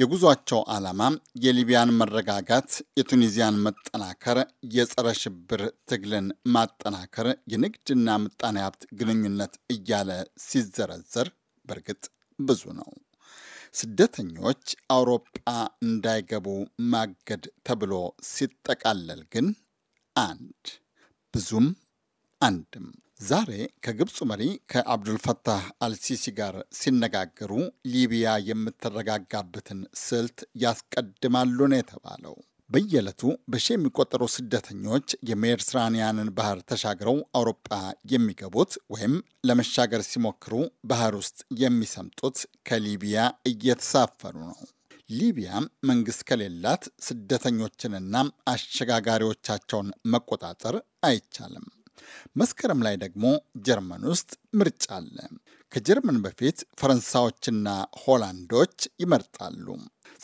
የጉዟቸው ዓላማ የሊቢያን መረጋጋት፣ የቱኒዚያን መጠናከር፣ የጸረ ሽብር ትግልን ማጠናከር፣ የንግድና ምጣኔ ሀብት ግንኙነት እያለ ሲዘረዘር በእርግጥ ብዙ ነው። ስደተኞች አውሮፓ እንዳይገቡ ማገድ ተብሎ ሲጠቃለል ግን አንድ ብዙም አንድም ዛሬ ከግብፁ መሪ ከአብዱልፈታህ አልሲሲ ጋር ሲነጋገሩ ሊቢያ የምትረጋጋበትን ስልት ያስቀድማሉ ነው የተባለው። በየዕለቱ በሺ የሚቆጠሩ ስደተኞች የሜዲትራኒያንን ባህር ተሻግረው አውሮፓ የሚገቡት ወይም ለመሻገር ሲሞክሩ ባህር ውስጥ የሚሰምጡት ከሊቢያ እየተሳፈሩ ነው። ሊቢያ መንግስት ከሌላት ስደተኞችንና አሸጋጋሪዎቻቸውን መቆጣጠር አይቻልም። መስከረም ላይ ደግሞ ጀርመን ውስጥ ምርጫ አለ። ከጀርመን በፊት ፈረንሳዮችና ሆላንዶች ይመርጣሉ።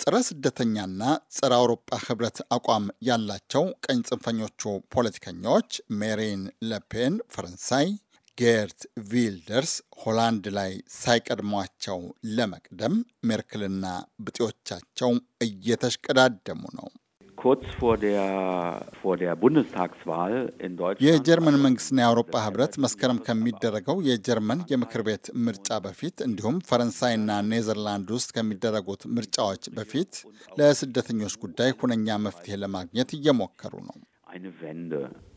ጸረ ስደተኛና ጸረ አውሮጳ ህብረት አቋም ያላቸው ቀኝ ጽንፈኞቹ ፖለቲከኞች ሜሪን ለፔን ፈረንሳይ፣ ጌርት ቪልደርስ ሆላንድ ላይ ሳይቀድሟቸው ለመቅደም ሜርክልና ብጤዎቻቸው እየተሽቀዳደሙ ነው። kurz vor der, vor የጀርመን መንግስትና የአውሮፓ ህብረት መስከረም ከሚደረገው የጀርመን የምክር ቤት ምርጫ በፊት እንዲሁም ፈረንሳይና ኔዘርላንድ ውስጥ ከሚደረጉት ምርጫዎች በፊት ለስደተኞች ጉዳይ ሁነኛ መፍትሄ ለማግኘት እየሞከሩ ነው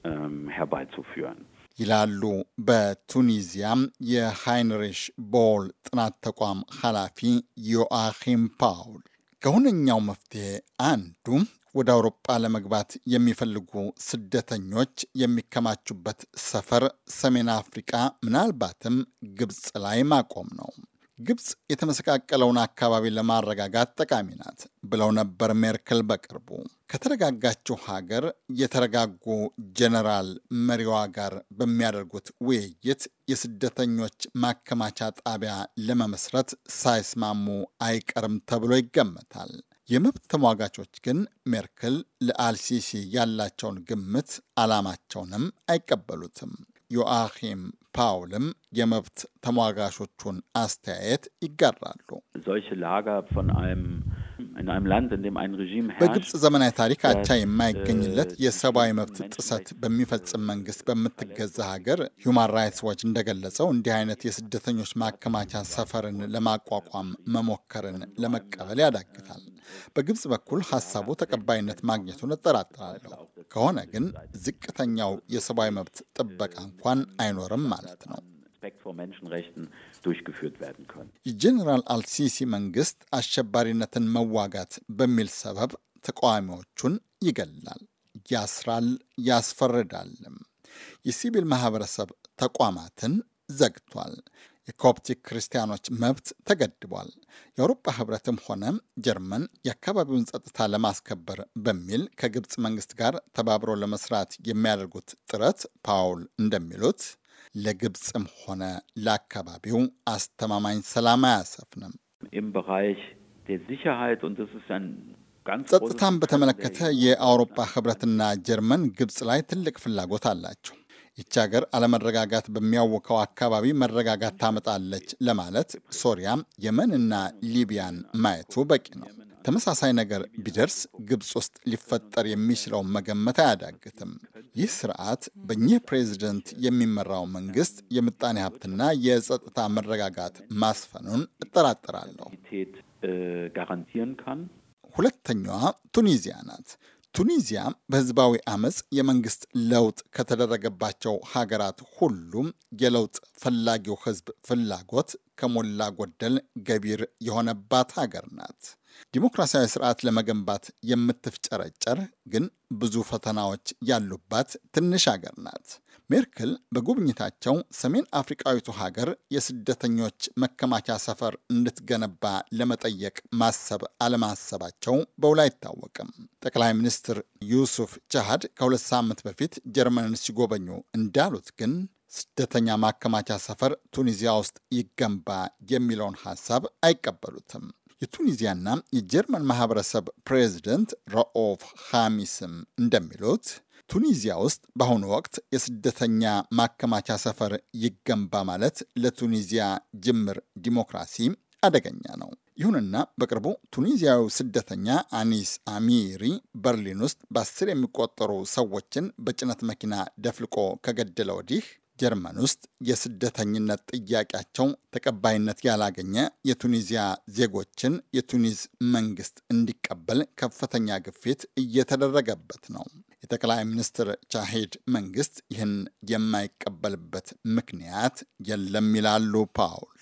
ähm, ይላሉ በቱኒዚያም የሃይንሪሽ ቦል ጥናት ተቋም ኃላፊ ዮአኪም ፓውል። ከሁነኛው መፍትሄ አንዱ ወደ አውሮጳ ለመግባት የሚፈልጉ ስደተኞች የሚከማቹበት ሰፈር ሰሜን አፍሪቃ ምናልባትም ግብፅ ላይ ማቆም ነው። ግብፅ የተመሰቃቀለውን አካባቢ ለማረጋጋት ጠቃሚ ናት ብለው ነበር ሜርክል በቅርቡ። ከተረጋጋችው ሀገር የተረጋጉ ጀነራል መሪዋ ጋር በሚያደርጉት ውይይት የስደተኞች ማከማቻ ጣቢያ ለመመስረት ሳይስማሙ አይቀርም ተብሎ ይገመታል። የመብት ተሟጋቾች ግን ሜርክል ለአልሲሲ ያላቸውን ግምት ዓላማቸውንም አይቀበሉትም። ዮአኪም ፓውልም የመብት ተሟጋቾቹን አስተያየት ይጋራሉ። በግብፅ ዘመናዊ ታሪክ አቻ የማይገኝለት äh, የሰብአዊ መብት ጥሰት በሚፈጽም መንግስት በምትገዛ ሀገር ሁማን ራይትስ ዋች እንደገለጸው እንዲህ አይነት የስደተኞች ማከማቻ ሰፈርን ለማቋቋም መሞከርን ለመቀበል ያዳግታል። በግብፅ በኩል ሀሳቡ ተቀባይነት ማግኘቱን እጠራጥራለሁ። ከሆነ ግን ዝቅተኛው የሰብአዊ መብት ጥበቃ እንኳን አይኖርም ማለት ነው። vor Menschenrechten durchgeführt werden können። General የጀኔራል አልሲሲ መንግስት አሸባሪነትን መዋጋት በሚል ሰበብ ተቃዋሚዎቹን ይገላል፣ ያስራል፣ ያስፈርዳልም። የሲቪል ማህበረሰብ ተቋማትን ዘግቷል። የኮፕቲክ ክርስቲያኖች መብት ተገድቧል። የአውሮፓ ህብረትም ሆነ ጀርመን የአካባቢውን ጸጥታ ለማስከበር በሚል ከግብፅ መንግስት ጋር ተባብሮ ለመስራት የሚያደርጉት ጥረት ፓውል እንደሚሉት ለግብፅም ሆነ ለአካባቢው አስተማማኝ ሰላም አያሰፍንም። ጸጥታን በተመለከተ የአውሮፓ ህብረትና ጀርመን ግብፅ ላይ ትልቅ ፍላጎት አላቸው። ይቺ ሀገር አለመረጋጋት በሚያውከው አካባቢ መረጋጋት ታመጣለች ለማለት ሶሪያ፣ የመን እና ሊቢያን ማየቱ በቂ ነው። ተመሳሳይ ነገር ቢደርስ ግብፅ ውስጥ ሊፈጠር የሚችለውን መገመት አያዳግትም። ይህ ስርዓት በእኚህ ፕሬዚደንት የሚመራው መንግስት የምጣኔ ሀብትና የጸጥታ መረጋጋት ማስፈኑን እጠራጠራለሁ። ሁለተኛዋ ቱኒዚያ ናት። ቱኒዚያ በህዝባዊ አመፅ የመንግስት ለውጥ ከተደረገባቸው ሀገራት ሁሉም የለውጥ ፈላጊው ህዝብ ፍላጎት ከሞላ ጎደል ገቢር የሆነባት ሀገር ናት። ዲሞክራሲያዊ ስርዓት ለመገንባት የምትፍጨረጨር ግን ብዙ ፈተናዎች ያሉባት ትንሽ ሀገር ናት። ሜርክል በጉብኝታቸው ሰሜን አፍሪቃዊቱ ሀገር የስደተኞች መከማቻ ሰፈር እንድትገነባ ለመጠየቅ ማሰብ አለማሰባቸው በውል አይታወቅም። ጠቅላይ ሚኒስትር ዩሱፍ ቻሃድ ከሁለት ሳምንት በፊት ጀርመንን ሲጎበኙ እንዳሉት ግን ስደተኛ ማከማቻ ሰፈር ቱኒዚያ ውስጥ ይገንባ የሚለውን ሀሳብ አይቀበሉትም። የቱኒዚያና የጀርመን ማህበረሰብ ፕሬዚደንት ረኦፍ ሃሚስም እንደሚሉት ቱኒዚያ ውስጥ በአሁኑ ወቅት የስደተኛ ማከማቻ ሰፈር ይገንባ ማለት ለቱኒዚያ ጅምር ዲሞክራሲ አደገኛ ነው። ይሁንና በቅርቡ ቱኒዚያዊ ስደተኛ አኒስ አሚሪ በርሊን ውስጥ በአስር የሚቆጠሩ ሰዎችን በጭነት መኪና ደፍልቆ ከገደለ ወዲህ ጀርመን ውስጥ የስደተኝነት ጥያቄያቸው ተቀባይነት ያላገኘ የቱኒዚያ ዜጎችን የቱኒዝ መንግስት እንዲቀበል ከፍተኛ ግፊት እየተደረገበት ነው። የጠቅላይ ሚኒስትር ቻሂድ መንግስት ይህን የማይቀበልበት ምክንያት የለም ይላሉ ፓውል።